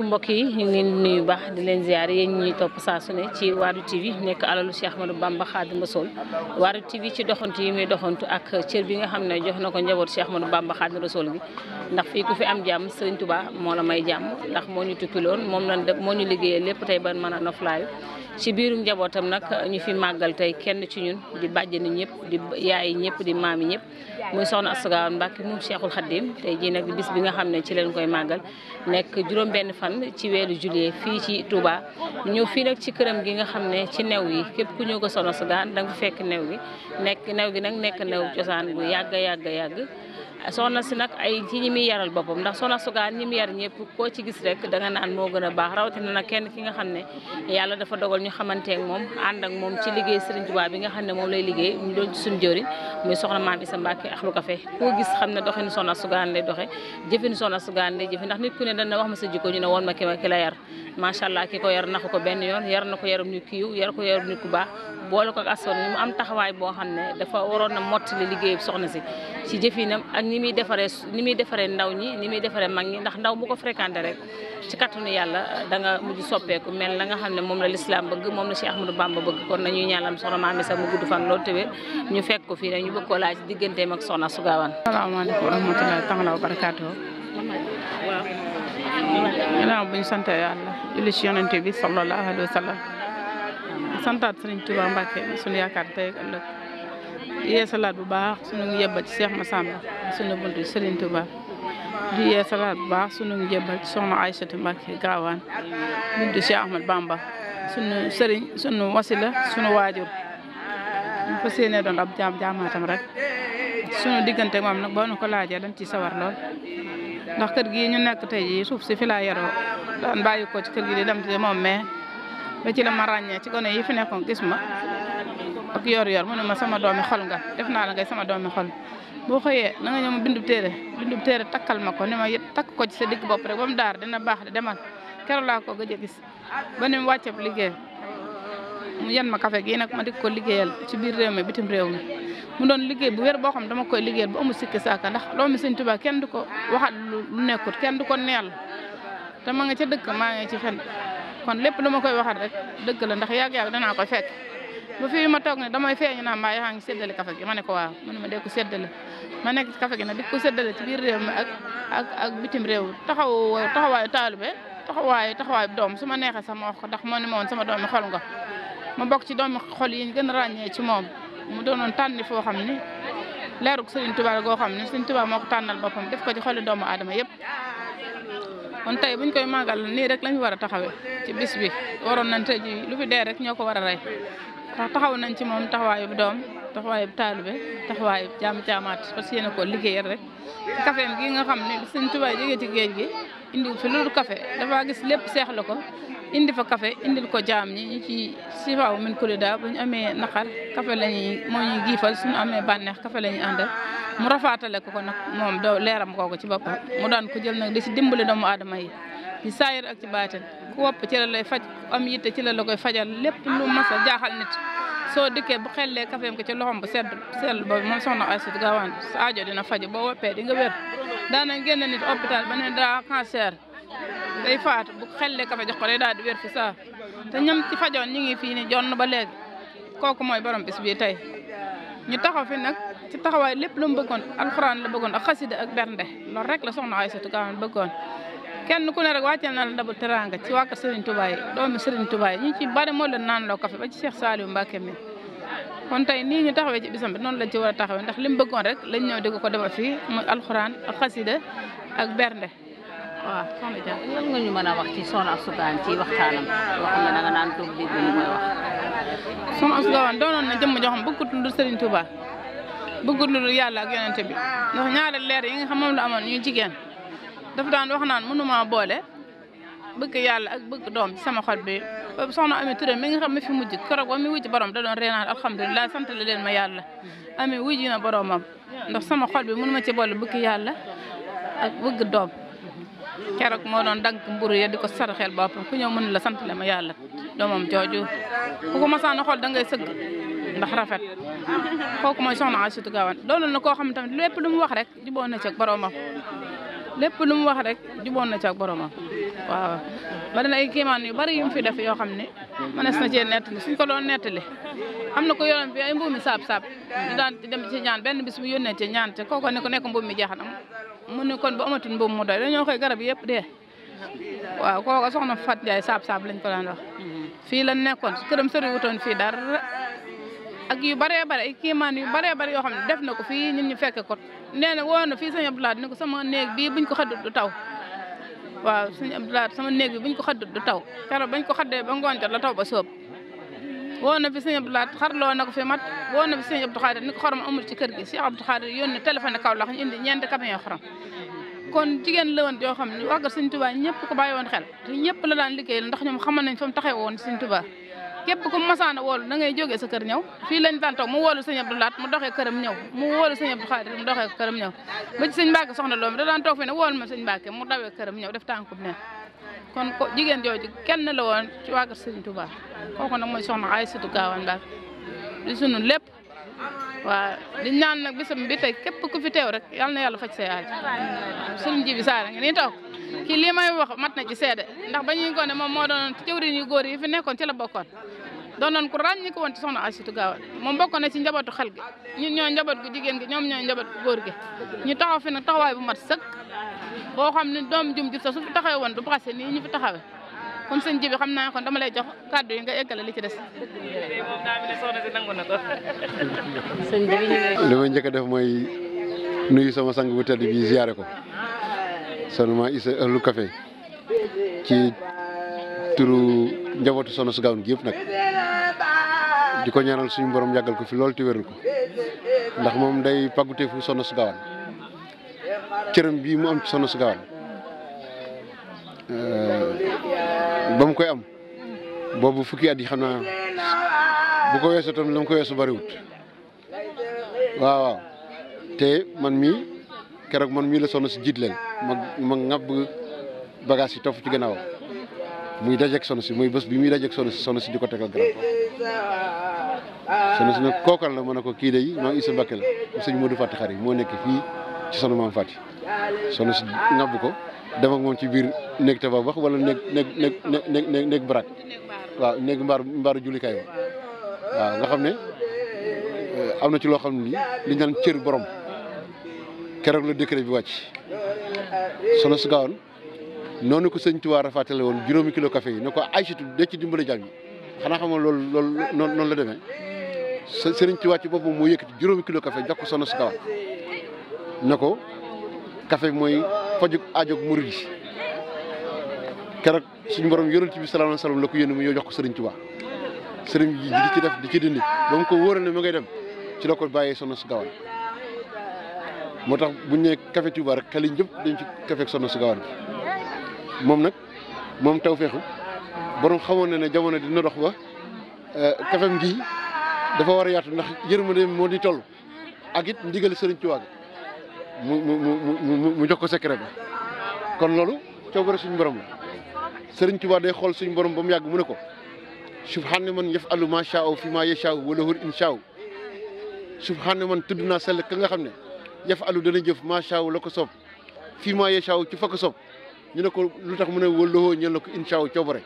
asalaamaaleykum mbokk yi ñu ngi leen nuyu baax di leen ziar yéen ñuy topp saa su ne ci Waarwi TV nekk alalu Cheikh Ahmadou Bamba Xaadimu Rasuul Waarwi TV ci doxantu yi muy doxantu ak cër bi nga xam ne jox na ko njaboot Cheikh Ahmadou Bamba Xaadimu Rasuul gi ndax fii ku fi am jàmm Sëriñ tubaa moo la may jàmm ndax moo ñu tukki loon moom lañ moo ñu liggéeyee lépp tey ban mën a noflaayu ci biirum njabootam nag ñu fi màggal tey kenn ci ñun di bàjjani ñëpp di yaay ñëpp di maami ñëpp muy soxna Astou Gawane Mbacké mu Cheikhul Khadim tey jii nag bis bi nga xam ne ci leen koy màggal nekk juróom benn fan ci weeru juillet fii ci Touba ñëw fii nag ci këram gi nga xam ne ci new yi képp ku ñëw ko soxna Astou Gawane da fekk new gi nekk new gi nag nekk new cosaan bu yàgg yàgg yàgg soxna si nag ay ci ñi muy yaral boppam ndax soxna sugaan ñi mu yar a baax rawatina nag kenn moom ànd ak moom ci liggéey Serigne Touba bi nga xam ne moom lay liggéey ñu doon ci suñu jëwriñ muy soxna maam Issa Mbacke Akhlou Café koo gis xam ne doxinu soxna sugaan lay doxe jëfinu soxna sugaan lay jëfe ndax nit ku ne dana wax ma sa jikko ñu ne woon ma ki ma ki la yar macha allah ki ko yar naxu ko benn yoon yar na ko yarum nit ku yiw yar ko ku baax boole ko ak asoon am taxawaay boo xam ne dafa waroon na mottali liggéey soxna si ci jëfinam ni muy defaree ni muy defaree ndaw ñi ni muy defaree mag ñi ndax ndaw bu ko fréquenté rek ci kattanu yàlla da nga mujj soppeeku mel la nga xam ne moom la lislaam bëgg moom la Cheikh Ahmadou Bamba bëgg kon nañuy ñaanal soxna Mamy Samb mu gudd fan loolu tëwee ñu fekk ko fii nag ñu bëgg koo laaj digganteem ak soxna su gaawaan salaamaaleykum wa rahmatullahi taala wa barakaatu waaw bu ñu sant yàlla julli ci yonente bi sallallahu alayhi wa sallam tey yeesalaat bu baax sunu njëbbal ci ma Massamba sunu bunt Serigne Touba di yeesalaat bu baax sunu njëbbal ci soxna Aïssata Mbacke Gaawaan bunt Cheikh ma Bamba sunu Serigne sunu wasila sunu waajur ñu fas yéene doon ab jaam rek sunu diggante moom nag boo nu ko laajee dañ ci sawar lool ndax kër gi ñu nekk tey jii suuf si fi laa yaroo daan bàyyi ko ci kër gi di dem te moom mais ba ci la ma ràññee ci gone yi fi nekkoon gis ma ak yor-yor mu ne ma sama doomi xol nga def naa la nga sama doomi xol boo xëyee na nga ñëw ma bindub téere bindub takkal ma ko ne ma yet takk ko ci sa digg bopp rek ba mu daar dina baax de demal keroog laa ko gëj a gis ba ni mu wàcceb liggéey mu yan ma kafe gii nag ma dik ko liggéeyal ci biir réew mi bitim réew mi mu doon liggéey bu wér boo xam dama koy liggéeyal bu amul sikki saaka ndax doomi Sëñ Tuubaa kenn du ko waxat lu nekkut kenn du ko neel te ma nga ca dëkk maa ngi ci fen kon lépp lu koy waxat rek dëgg la ndax yàgg danaa ko fekk ba fii ma toog ne damay feeñ naa mbaa yaa ngi séddale kafe gi ma ne ko waaw mu ma dee ko séddale ma nekk kafe gi nag di ko séddale ci biir réew mi ak ak ak bitim réew taxaw taxawaayu taalibe taxawaayu taxawaayu doom su ma neexee sama wax ko ndax moo ne ma sama doomi xol nga ma bokk ci doomi xol yi gën a ràññee ci moom mu doonoon tànni foo xam ni leerug Serigne Touba goo xam ne Serigne Touba moo ko tànnal boppam def ko ci xoli doomu aadama yëpp kon tey buñ koy màggal nii rek lañ war a taxawee ci bis bi waroon nañ tey lu fi dee rek ñoo ko war a rey ndax taxaw nañ ci moom taxawaayub doom taxawaayub taalibe taxawaayub jaam jaamaat parce que yéen ko liggéeyal rek kafeem gi nga xam ne sëñ Tuubaa jógee ci géej gi indi fi loolu kafe dafa gis lépp seexla ko indi fa kafe indil ko jaam ñi ñu ci sifaaw min kulida bu ñu amee naqar kafe lañuy ñuy moo ñuy giifal suñu amee bànneex kafe la ñuy mu rafaatale ko ko nag moom doo leeram kooku ci boppam mu daan ko jël nag di si dimbali doomu aadama yi ci saayir ak ci baatin ku ci la lay faj am te ci la la koy fajal lépp lu mas a jaaxal nit soo dikkee bu xellee kafeem ko ci loxom bu sedd sell boobu moom soxna Astou Gawane sa aajo dina di nga wér daanañ génn nit hôpital ba ne daa cancer day faatu bu xellee kafe jox ko day daal di wér fi saa te ñam ci fajoon ñi ngi fii ni jonn ba leeg kooku mooy borom bis bii tey ñu taxaw fi nag ci taxawaay lépp lu mu bëggoon alxuraan la bëggoon ak xasida ak bernde loolu rek la soxna Astou Gawane bëggoon kenn ku ne rek wàcceel na la ndabul teraanga ci waa kër Serigne Touba yi doomu Serigne bari moo leen naan loo kafe ba ci Cheikh Saliou Mbacké mi kon tey nii ñu taxawee ci bisam bi noonu lañ ci war a taxawee ndax li mu bëggoon rek lañ ñëw ko defal fii muy alxuraan ak xasida ak bernde waaw soxna Dia mën a wax ci soxna ci waxtaanam loo xam ne da doonoon na jëmm joo xam bëggut lu Serigne Touba bëggut lu yàlla ak yonente bi ndax ñaari leer yi nga xam la amoon ñu jigéen dafa daan wax naan mënuma boole bëgg yàlla ak bëgg doom sama xol bi na Ami Touré mi nga xam ne fi mujj keroog ba mi wujj borom da doon reenaat alhamdulilah sant la leen ma yàlla Ami wujj na boromam ndax sama xol bi ma ci boole bëgg yàlla ak bëgg doom keroog moo doon dagg mburu ya di ko saraxeel boppam ku ñëw mën la sant la ma yàlla doomam jooju ku ko masaan xol da ngay sëgg ndax rafet kooku mooy soxna Astou Gawane doon na koo xam tamit lépp lu mu wax rek jubóo na ci boromam lépp lu mu wax rek juboon na ci ak boromam waaw bari na ay yu bari yu mu fi def yoo xam ne mënees na cee nettali suñ ko doon nettali am na ko yoroon bi ay mbuumi saab-saab ñu daan dem ci ñaan benn bis bu yónnee ci ñaan te kooko ne ko nekk mbuum mi jeex na mu ne kon ba amatul mbuum mu doy dañoo koy garab yëpp dee waaw kooko soxna Fat Ndiaye saab-saab lañ ko daan wax fii la nekkoon këram sori wutoon fii dara ak yu bëree bëri ay kiimaan yu bëree bëri yoo xam ne def na ko fii ñun ñu fekke ko nee na woo na fii sëñ Abdoulaye ne ko sama neg bi buñ ko xaddut du taw waaw sëñ Abdoulaye sama néeg bi buñ ko xaddut du taw keroog bañ ko xaddee ba ngoon jot la taw ba soob woo na fi sëñ Abdoulaye xarloo na ko fi mat woo na fi sëñ Abdou Khadir ni ko xorom amul ci kër gi Cheikh Abdou Khadir yónni téléphone Kaolack ñu indi ñeenti camion xorom kon jigéen la woon yoo xam ne wàggat sëñ Tuubaa ñëpp ko bàyyi woon xel te ñëpp la daan liggéeyal ndax ñoom xamoon nañ fa mu taxee woon sëñ Tuubaa kepp ku masaan a woolu da ngay jógee sa kër ñëw fii lañ daan toog mu woolu sëñ Abdou Lahat mu doxee këram ñëw mu woolu sëñ Abdou Khadir mu doxee këram ñëw ba ci sëñ Mbacke soxna loolu da daan toog fi ne woolu ma sëñ Mbacke mu dawee këram ñëw def tànkub ne kon ko jigéen jooju kenn la woon ci waa kër sëñ Touba kooku nag mooy soxna Aysatu Gaawaan Mbacke di sunu lépp waaw di ñaan nag bisam bi tey képp ku fi teew rek yal na yàlla faj say aaj sëñ ji saara nga nii kii lii may wax mat na ci seede ndax ba ñuy gone moom moo doonoon jëwriñ yu góor yi fi nekkoon ci la bokkoon doonoon ku ràññi ko woon ci soxna Astou Gawane moom bokkoon na ci njabootu xel gi ñun ñoo njaboot gu jigéen gi ñoom ñooy njaboot gu góor gi ñu taxaw fi nag taxawaay bu mat sëkk boo xam ne doom jum jur sa su fi taxawee woon du se nii ñu fi taxawee kon sëñ ji bi xam naa kon dama lay jox kàddu yi nga eggale li ci des. li ma njëkk def mooy nuyu sama sang bu tedd bi ko seulement Issa Euhlou Café ci turu njabootu Soxna su Gawon gi yëpp nag di ko ñaanal suñu borom yàggal ko fi loolu te wéral ko ndax moom day pàgguteefu Soxna su Gawon cërëm bii mu am ci Soxna su Gawon euh, ba mu koy am boobu fukki at yi xam naa bu ko weesoo tam la mu ko weesu bariwut waaw waaw te man mii keroog man mii la soxna si jiit leen ma ma ŋàbb bagage yi topp ci gannaaw muy dajeeg sono si muy bés bi muy dajeeg sono si sono si di ko tegal garab sono si nag kookal la ma ne ko kii day maam Issa Mbacké la sëñ Modou Faty Khary moo nekk fii ci sono maam Faty sono si ŋàbb ko dem ak moom ci biir néeg tabax wala néeg néeg néeg néeg néeg barak waaw néeg mbaar mbaaru jullikaay ba waaw nga xam ne eh, am na ci loo xam ne li ñu naan cër borom keroog la décret bi wàcc solos gaawoon noonu ko sëñ Tuubaa rafatale woon juróomi kilo kafe yi ne ko ay Aysatu de ci dimbale jàmm yi xanaa xam nga loolu loolu noonu la demee sëriñ Tuubaa ci boppam moo yëkkati juróomi kilo kafe jox sono solos gaawoon ko café mooy fajuk ajoog murid yi keroog suñu borom yonent bi sallallahu alayhi wa sallam la ko yónni mu ñëw jox ko sëriñ Tuubaa sëriñ di ci def di ci dindi ba ko wóoral ne mu ngay dem ci la bàyyee sono gaawoon moo tax bu ñu nee café Touba rek xel yi ñëpp dañ ci café Soxna si Gawane bi moom nag moom tew feexu boroom xamoon na ne jamono dina dox ba kafem euh, gi dafa war a yaatu ndax yërmande moo di toll ak it ndigal sëriñ Touba gi mu mu mu mu jox ko secret bi kon loolu coobare suñu borom la sëriñ Touba day xool suñ borom ba mu yàgg mu ne ko subhaana man yaf'alu maa shaa'a fi maa yashaa'u wa lahu al-inshaa'u subhaana man tudd naa sell ka nga xam ne. yaf alu dana jëf macha allah la ko soob fii maa yee ci fa ko ñu ne ko lu tax mu ne wëloo ñu ne la ko incha allah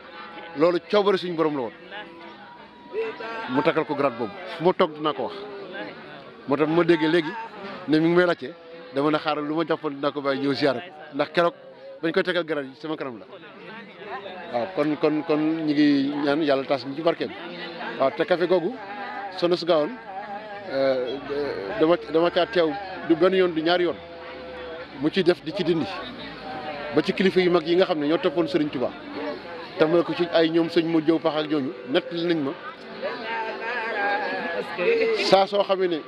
loolu coobare suñu borom la woon mu takkal ko grade boobu fu ma toog dinaa ko wax. moo tax ma déggee léegi ne mi ngi may laajte dama ne xaaral lu ma jàppoon dinaa ko bàyyi ñëw ziar ndax keroog bañ koy tegal grade yi sama kanam la waaw kon kon kon ñu ngi ñaan yàlla tas ñu ci barkeem waaw te café googu sonos gaawoon euh, dama dama caa teew. du benn yoon du ñaari yoon mu ci def di ci dindi ba ci kilifa yu mag yi nga xam ne ñoo toppoon Serigne Touba tamal ko ci ay ñoom sëñ mu jëw pax ak ñooñu nañ ma saa soo xamee ne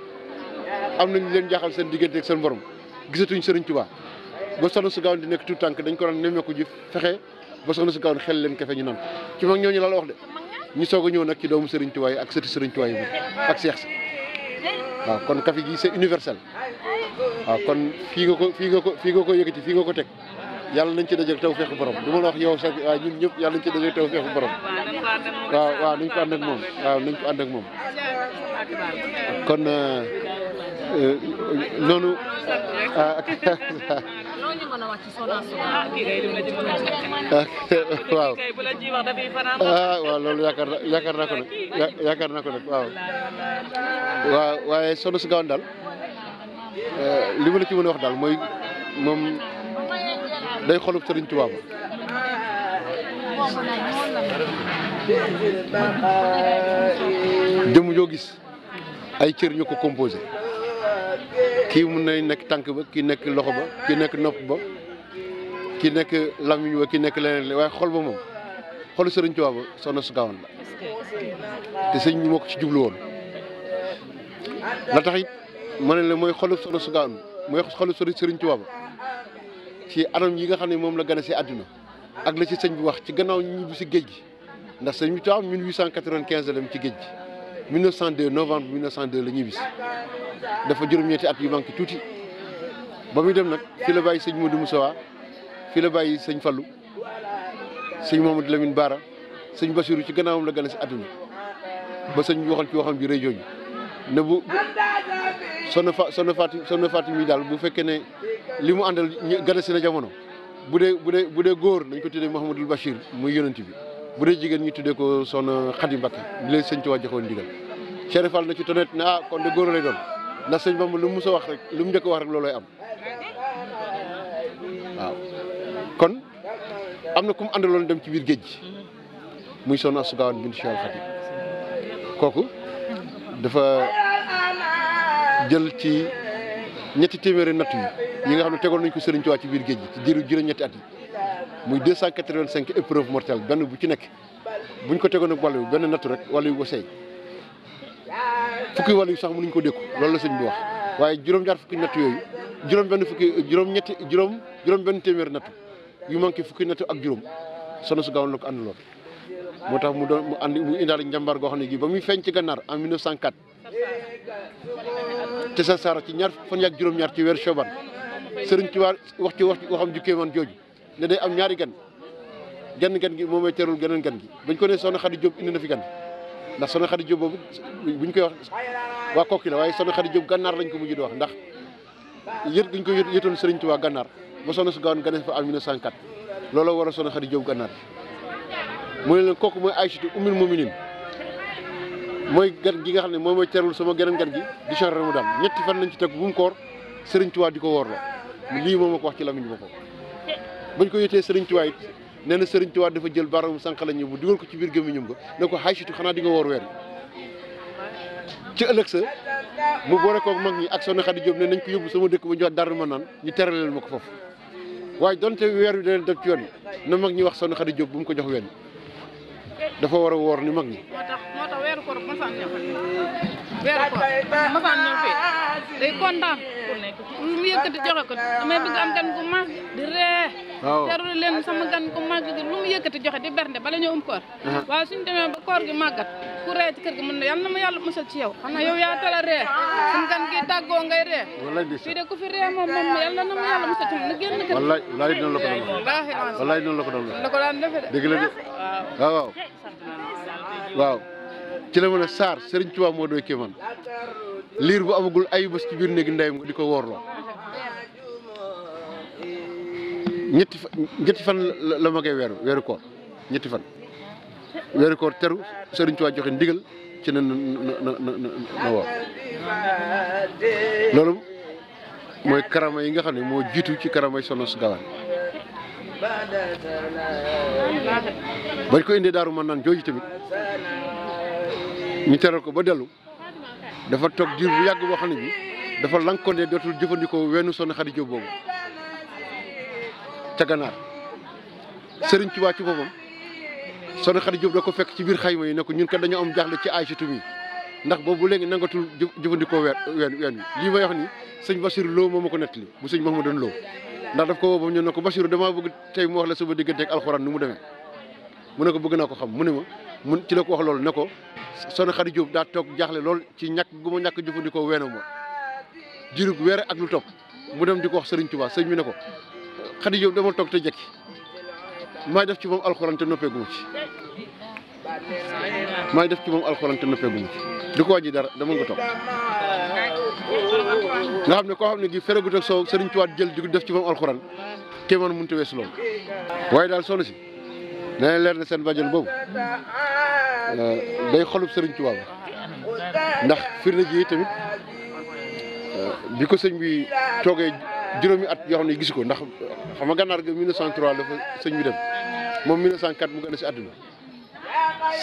am nañ leen jaaxal seen diggante ak seen borom gisatuñ Serigne Touba ba soxna su gaaw di nekk tout tànk dañ ko daan nemmeeku ji fexe ba soxna su gaaw xel leen kefe ñu naan ci mag ñooñu la la wax de ñu soog a ñëw nag ci doomu Serigne Touba yi ak sëti Serigne Touba yi ak seex si waaw kon café gi c'est universel waaw kon fii nga ko fii nga ko fii nga ko yëkkati fii nga ko teg yàlla nañ ci dajale taw feexu borom du ma la wax yow sax waaye ñun ñëpp yàlla nañ ci taw feexu borom waaw waaw nañ ko ànd ak ko ànd ak moom kon euh, euh, noonu ah, waaw ah loolu yaakaar na yaakaar na ko nag yaakaar naa ko nag waaw waaw waaye Sono si daal eh, li ma la ci mën wax daal mooy moom day xolub Sëriñ Tuubaa ba jëmm joo gis ay cër ñu ko composé kii mun na nekk tànk ba kii nekk loxo ba kii nekk nopp ba ki nekk lamiñ ba kii nekk leneen waaye xol ba moom xolu sëriñ Tuubaa ba soxna su gaawoon la te sëñ bi moo ci jublu woon la it ma ne la mooy xolu soxna su gaawoon mooy xolu sëriñ Tuubaa ba ci anam yi nga xam ne moom la gane si àdduna ak la ci sëñ bi wax ci gannaaw ñibbi si géej gi ndax sëñ bi Tuubaa 1895 la dem ci géej 1902 novembre 1902 la ñibbisi dafa juróom-ñetti at yu manqué tuuti ba muy dem nag fi la bàyyi sëñ Modou Moussa fi la bàyyi sëñ falu sëñ Mamadou Lamine Bara sëñ Bassirou ci gannaawam la gane si àdduna ba sëñ bi waxal ci waxam ji rëy jooju ne bu soxna fa soxna Fatou soxna Fatou mi daal bu fekkee ne li mu àndal gane si na jamono bu dee bu dee bu dee góor nañ ko tuddee Mouhamadul Bachir muy yonent bi bu dee jigéen ñi tuddee ko soxna Xadi Mbakke di leen sëñ ci waa joxoon ndigal Cheikh Fall na ci tonnet ne ah kon de góor lay doon ndax sëñ Bamba lu mu musa wax rek lu mu njëkk wax rek loolooy am kon am na ku mu loolu dem ci biir géej gi muy soxna Astou Gawane bintu Cheikh Xadi kooku dafa jël ci ñetti téeméeri natt yi yi nga xam ne tegoon nañ ko sëriñ ci waa ci biir géej gi ci diiru juróom-ñetti at yi muy 285 épreuve mortelle benn bu ci nekk buñ ko tegoon ak wàllu benn nattu rek wàllu yu ko seey fukki wàllu sax mu mënuñ ko dékku loolu la sëñ bi wax waaye juróom-ñaar fukki natt yooyu juróom benn fukki juróom-ñetti juróom juróom benn téeméer natt yu manqué fukki natt ak juróom sono su gaawoon la ko àndaloon moo tax mu doon mu andi mu indaale njàmbaar goo xam ne gii ba muy feeñ ci gànnaar en 1904 te sa ci ñaar fan yàgg juróom-ñaar ci weer Soban sëriñ ci waa wax ci wax waxam jukkee man jooju ne day am ñaari gan genn gan gi moom mooy teerul geneen gan gi bañ ko ne soxna Xadi Jóob indi na fi gan ndax soxna Xadi Jóob boobu buñ koy wax waa kokki la waaye soxna Xadi Jóob gànnaar lañ ko mujj di wax ndax yët dañ ko yëtoon sëriñ Tuubaa gànnaar ba soxna su gaawoon gane fa am 1904 looloo war a soxna Xadi Jóob gànnaar mu ne leen kooku mooy Aysatu ummul muminin mooy gan gi nga xam ne moom mooy terul sama geneen gan gi di changé mu daal ñetti fan lañ ci teg bu mu koor sëriñ Tuubaa di ko woor la lii moom ma ko wax ci lamiñ boppam bañ ko yotee Serigne Touba it nee na Serigne Touba dafa jël baramu sànq la ñu bu dugal ko ci biir gémmiñam ba ne ko xaysitu xanaa di nga woor weer ci ëllëg sa mu boole kook mag ñi ak soxna Xadi Jóob ne nañ ko yóbbu sama dëkk ba jox dara ma naan ñu tere leen ma ko foofu waaye donte weer wi da leen def ci na mag ñi wax soxna Xadi Jóob bu mu ko jox wenn dafa war a woor ni mag ñi. day kontaan lu mu yëkkati joxe ko damay bëgg am gan gu mag di ree jarul leen sama gan gu mag di lu mu yëkkati joxe di bernde bala ñoo um koor uh-huh. waaye suñ demee ba koor gi màggat ku ree ci kër gi mën na yal na ma yàlla musal ci yow xanaa yow yaa tala ree suñ gan gi tàggoo ngay ree fii de ku fi ree moom moom yal na ma yàlla musal ci moom na kër wallaay la ko ko doon ko daan defe de dëgg waaw waaw ci la mën a Sarr Serigne Touba moo doy kéemaan liir bu amagul ay bés ci biir néegi ndeyam di ko woorloo ñetti fan la magee weeru weeru koor ñetti fan weeru koor teru sëriñ Tuubaa joxe ndigal ci na na na na woor loolu mooy karama yi nga xam ne moo jiitu ci karamay Soxna Gawane bañ ko indee daaru mën naan jooju tamit ñu teral ko ba dellu dafa toog diir bu yàgg boo xam ne bi dafa lankoonde dootul jëfandikoo weenu Soxna Xadi Jóob boobu ca ganaar Sëriñ Tuubaa ci boppam Soxna Xadi Jóob da ko fekk ci biir xayma yi ne ko ñun kat dañoo am jaaxle ci Aysatu mi ndax boobu léegi nangatul jëfandikoo weer ween ween wi lii may wax ni sëñ Bachir Lo moo ma ko nettali bu sëñ Mouhamadou Lo ndax daf ko woo ba ñu ne ko Bachir damaa bëgg tey mu wax la sama diggante ak alxuraan nu mu demee mu ne ko bëgg naa ko xam mu ne ma mun ci la ko wax loolu ne ko soxna Khady Diop toog jaaxle lool ci ñàkk gu ma ñàkk jëfandikoo weenam ma jirug weer ak lu topp mu dem di ko wax Serigne Touba sëñ bi ne ko Khady Diop dama toog te jekki maay def ci moom alxuraan te noppeeguma ci maay def ci moom alxuraan te noppeeguma ci di ko wàññi dara dama nga toog nga xam ne koo xam ne gi feregut ak soow Serigne Touba jël di def ci moom alxuraan kéemaan mënut a weesu loolu waaye daal soxna si dana leer na seen bajoon boobu day xolub sëriñ Tuubaa ndax firnde ji tamit euh, bi ko sëñ bi toogee juróomi at yoo yi ne gis ko ndax xam nga gànnaar ga 1903 la fa sëñ bi dem moom mu gën a si àdduna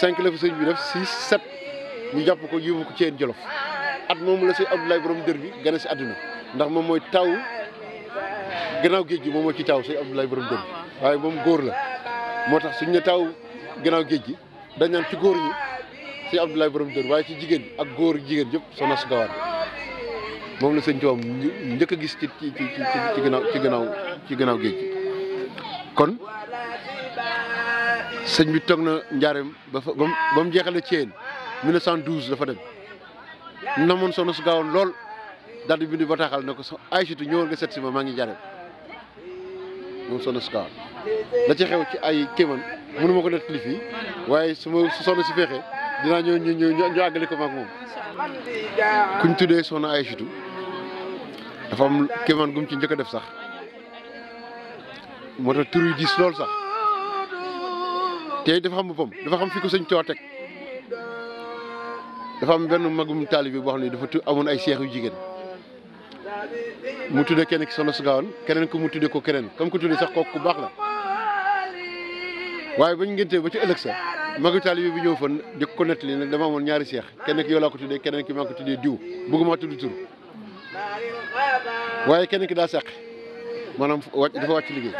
5 la fa sëñ bi def 6 7 ñu jàpp ko yóbbu ko ci Jolof at moom la si Abdoulaye borom dër bi gën a si àdduna ndax moom mooy taw gannaaw géej gi moom mooy ci taw si Abdoulaye borom dër bi waaye moom góor la. moo tax suñ ne taw gannaaw géej gi dañ naan ci góor ñi sëñ Abdoulaye borom dër waaye ci jigéen ak góor jigéen yëpp soxna su gawaan moom la sëñ Tuubaa njëkk a gis ci ci ci ci gannaaw ci gannaaw ci géej gi kon sëñ bi toog na njaareem ba ba mu jeexale Thiène 1912 dafa dem na namoon soxna su gaawoon lool daal di bind bataaxal ne ko Aysatu ñëwal nga set si ma maa ngi njaareem moom soxna su gaawoon la ci xew ci ay kéemaan mënu ma ko nettali fii waaye su ma su si feexee dinaa ñëw ñu ñëw ñu àggale ko maak moom. kuñ tuddee ay Aïchatou dafa am kéemaan gum ci njëkk def sax moo tax tur yu diis lool sax te dafa xam boppam dafa xam fi ko sëñ Tuubaa teg dafa am benn magum taalibe boo xam ne dafa tu amoon ay seex yu jigéen. mu tuddee kenn ki soxna su gaawoon keneen ko mu tuddee ko keneen kam ko tuddee sax kooku ku baax la waaye bañ ngéntee ba ci ëllëg sa magi taalibe bi ñëw fan di ko nag dama amoon ñaari seex kenn ki yow ko tuddee keneen ki maa ko tuddee diw bëgguma tudd tur waaye kenn ki daa seq maanaam wàcc dafa wàcc liggéey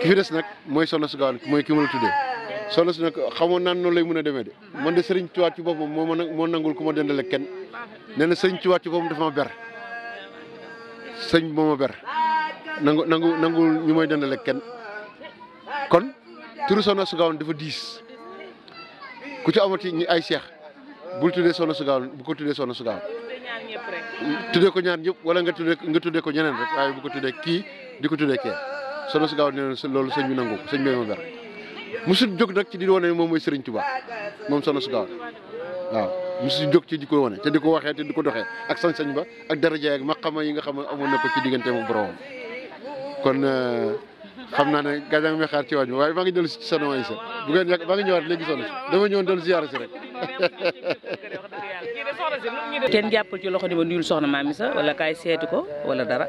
ki fi des nag mooy soxna su gaawan mooy ki ma la tuddee soxna su nag xamoon naan noonu lay mën a demee de man de sëriñ Tuubaa ci boppam moo moo nangul ku ma dendale kenn nee na sëriñ Tuubaa ci boppam dafa ma ber sëñ moo ma ber nangu nangu nangul ñu mooy dendale kenn kon turu soxna su Gawane dafa diis ku ci amati ñi ay seex bul tuddee soxna su bu ko tuddee soxna su Gawane tuddee ko ñaar yëpp wala nga tuddee nga tuddee ko ñeneen rek waaye bu ko tuddee kii di ko tuddee kee soxna su Gawane nee na loolu sëñ bi nangu sëñ bi ma ber musul jóg nag ci di wane moom mooy Serigne Touba moom soxna su Gawane waaw musul jóg ci di koy wane te di ko waxee te di ko doxee ak sañ-sañ ba ak daraja ak ma maqama yi nga xam ne amoon na ko ci digganteem ak boromam kon euh, xam naa ne gàncax mi xaar ci wàññi waaye maa ngi dellu si Soxna Aïssa bu ngeen yàgg maa ngi ñëwaat léegi sonn dama ñëwoon dellu si yaara si rek. kenn jàppal ci loxo ni ma nuyul soxna maam Isa wala kaay seeti ko wala dara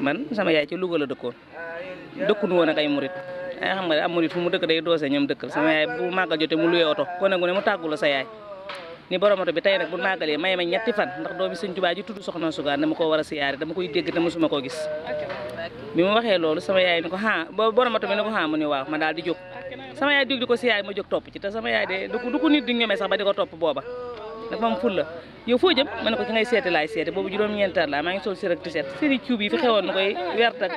man sama yaay ci Louga la dëkkoon dëkkunu woon ak ay murit ay xam nga am murit fu mu dëkk day doose ñoom dëkkal sama yaay bu màggal jotee mu luye oto kon nag mu ne mu tàggu sa yaay. ni borom oto bi tey nag bu màggalee may ma ñetti fan ndax doomi sëñ Tuubaa ji tudd soxna Sugaan dama koo war a siyaare dama koy koo gis bi mu waxee loolu sama yaay ni ko xaa borom oto bi ni ko xaa mu ma daal di jóg sama yaay ko siyaare ma jóg topp ci te sama yaay ba di ko topp booba dafa am ful la yow foo ma ne ko ki ngay seeti laay boobu juróom-ñeenti at laa maa ngi sol si rek di seet seeni cuub fi xewoon na koy wert ak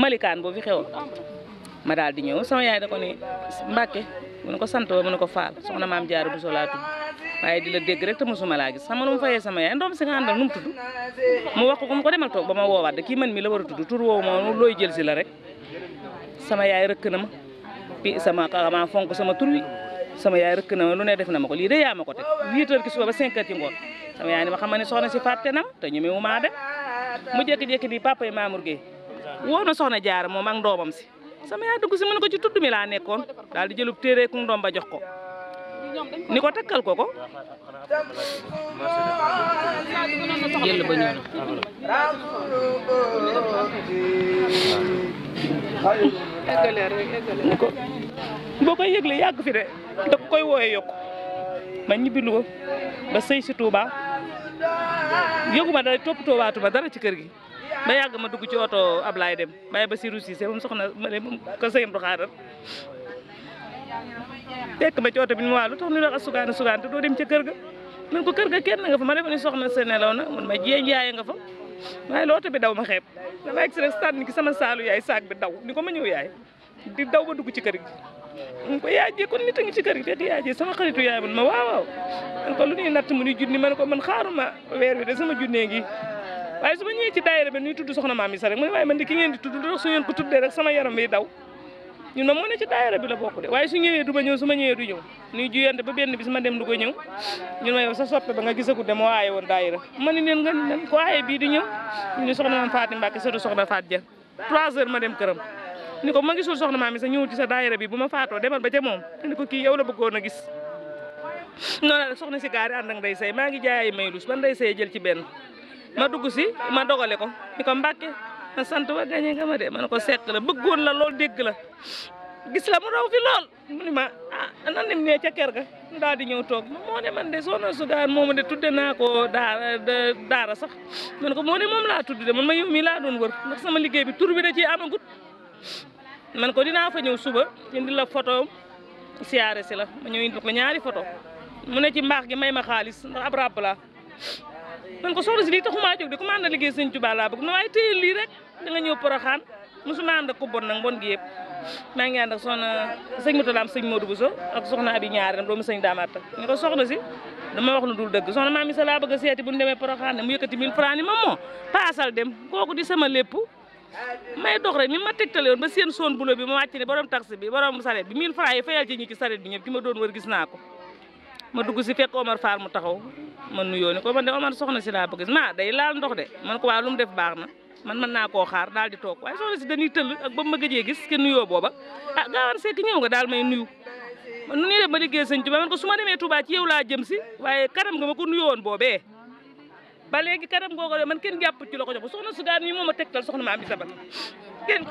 malikaan boo fi xewoon ma daal di ñëw sama yaay da ko ni Mbàkke mu ne ko sant wa mu ne ko faal soxna maam Jaara Buso laa tudd waaye di la dégg rek te mosuma laa gis xam nga nu mu sama yaay ndoom si nga àndal nu mu mu wax ko ko mu ko demal toog ma woowaat de kii man mi la war a tudd tur looy jël si rek sama yaay rëkk na ma pi sama xama fonk sama tur wi sama rëkk na ma lu na ma ko lii de yaa ma ko teg 8 heures ki suba ba 5 heures ci ngoon sama yaay ni ma xam ne soxna si fàtte na te ñu mu maa mu jékki-jékki di papa yi Mamour Gueye woo na soxna jaara moom ak ndoomam si sama yaay dugg si mën ko ci tudd ba jox ko ni ko takkal ko ko. jël ba ñëw na. ko boo koy yëgle yàgg fi de da koy wooyee yokk ma ñibbi Louga ba sëy si Touba yëgu ma dara toppatoo waatu ma dara ci kër gi. ba yàgg ma dugg ci oto laay dem bàyyi ba si Russie ba mu soxna ma dem ko sëyam du fekk ma ci oto bi mu waa lu tax ñu wax a sugaan a sugaan dem ca kër ga man ko kër ga kenn nga fa ma defe ni soxna sa nelaw na mun ma jéem yaay nga fa waaye la bi daw ma xeeb dama egsi rek sànni ki sama saalu yaay saak bi daw ni ko ma ñëw yaay di daw ba dugg ci kër gi mun ko yaay jee kon nit ngi ci kër gi fekk yaay jee sama xaritu yaay mun ma waaw waaw man ko lu ñuy natt mu ni junni man ko man xaaruma weer wi de sama junnee ngi waaye su ma ñëwee ci daayira bi ñuy sa rek mu ne waaye man di ki ngeen di sama yaram bi daw ñun moom moo ne ci daayira bi la bokk de waaye su ñëwee du ma ñëw su ma ñëwee du ñëw nuy juyante ba benn bis ma dem du ko ñëw ñun ma yow sa nga gisagut de moo aaye woon daayira ma ni leen nga ni leen ko aaye bii di ñëw ñu ni soxna maam Faati Mbàkke sëtu Faat Dia trois heures ma dem këram ni ko ma gisul soxna maam mi sa ñëw ci sa daayira bi bu ma faatoo demal ba ca moom ni ko kii yow la bëggoon a gis noonu la soxna si gaari ànd ak nday say maa ngi jaay ay maylus ba nday say jël ci benn ma dugg si ma dogale ko ma sant wa gañe nga ma de man ne ko seq la bëggoon la lool dégg la gis la mu raw fi lool mu ni ma ah nan nim nee ca kër ga daal di ñëw toog moo ne man de soxna moo moomu de tudde naa ko daara daara sax ma ne ko moo ne moom laa tudde de man ma yow mii laa doon wër ndax sama liggéey bi tur bi da ciy amagut man ko dinaa fa ñëw suba indi la photo siyaare si la ma ñëw indi ko ñaari photo mu ne ci mbaax gi may ma xaalis ndax ab laa man ko soxna si lii taxumaa jóg ku ma ànd liggéey sëñ Tuubaa laa bëgg na waaye téye lii rek da nga ñëw poroxaan mosuma ànd ak ku bon nag bon gi yëpp maa ngi ànd ak soxna sëñ Matalaam sëñ Modou Bousso ak ko soxna si dama wax dul dëgg soxna maam mi laa bëgg a seeti bu ñu mu yëkkati 1000 francs ni ma moo paasal dem kooku di sama lépp may dox rek mi ma tegtale woon ba seen son bulo ma wàcc ne borom bi borom saret bi 1000 francs yi doon wër gis naa ko ma dugg si fekk Omar Fall mu taxaw ma nuyoo ni ko man de Omar soxna si laa bëgg ma de laal ndox de man ko waa lu mu def baax na man mën naa koo xaar daal di toog waaye soxna si dañuy tëll ak ba ma gëjee gis ke nuyoo booba ah gaawaan sekk ñëw nga daal may nuyu nu ñuy def ma liggéey sëñ Tuubaa man ko su ma demee Tuubaa ci yow laa jëm si waaye kanam nga ma ko nuyoo woon boobee ba léegi kanam googu de man kenn jàpp ci la ko jox bu soxna su daan ñi moom a tegtal soxna ma am bi sabat kenn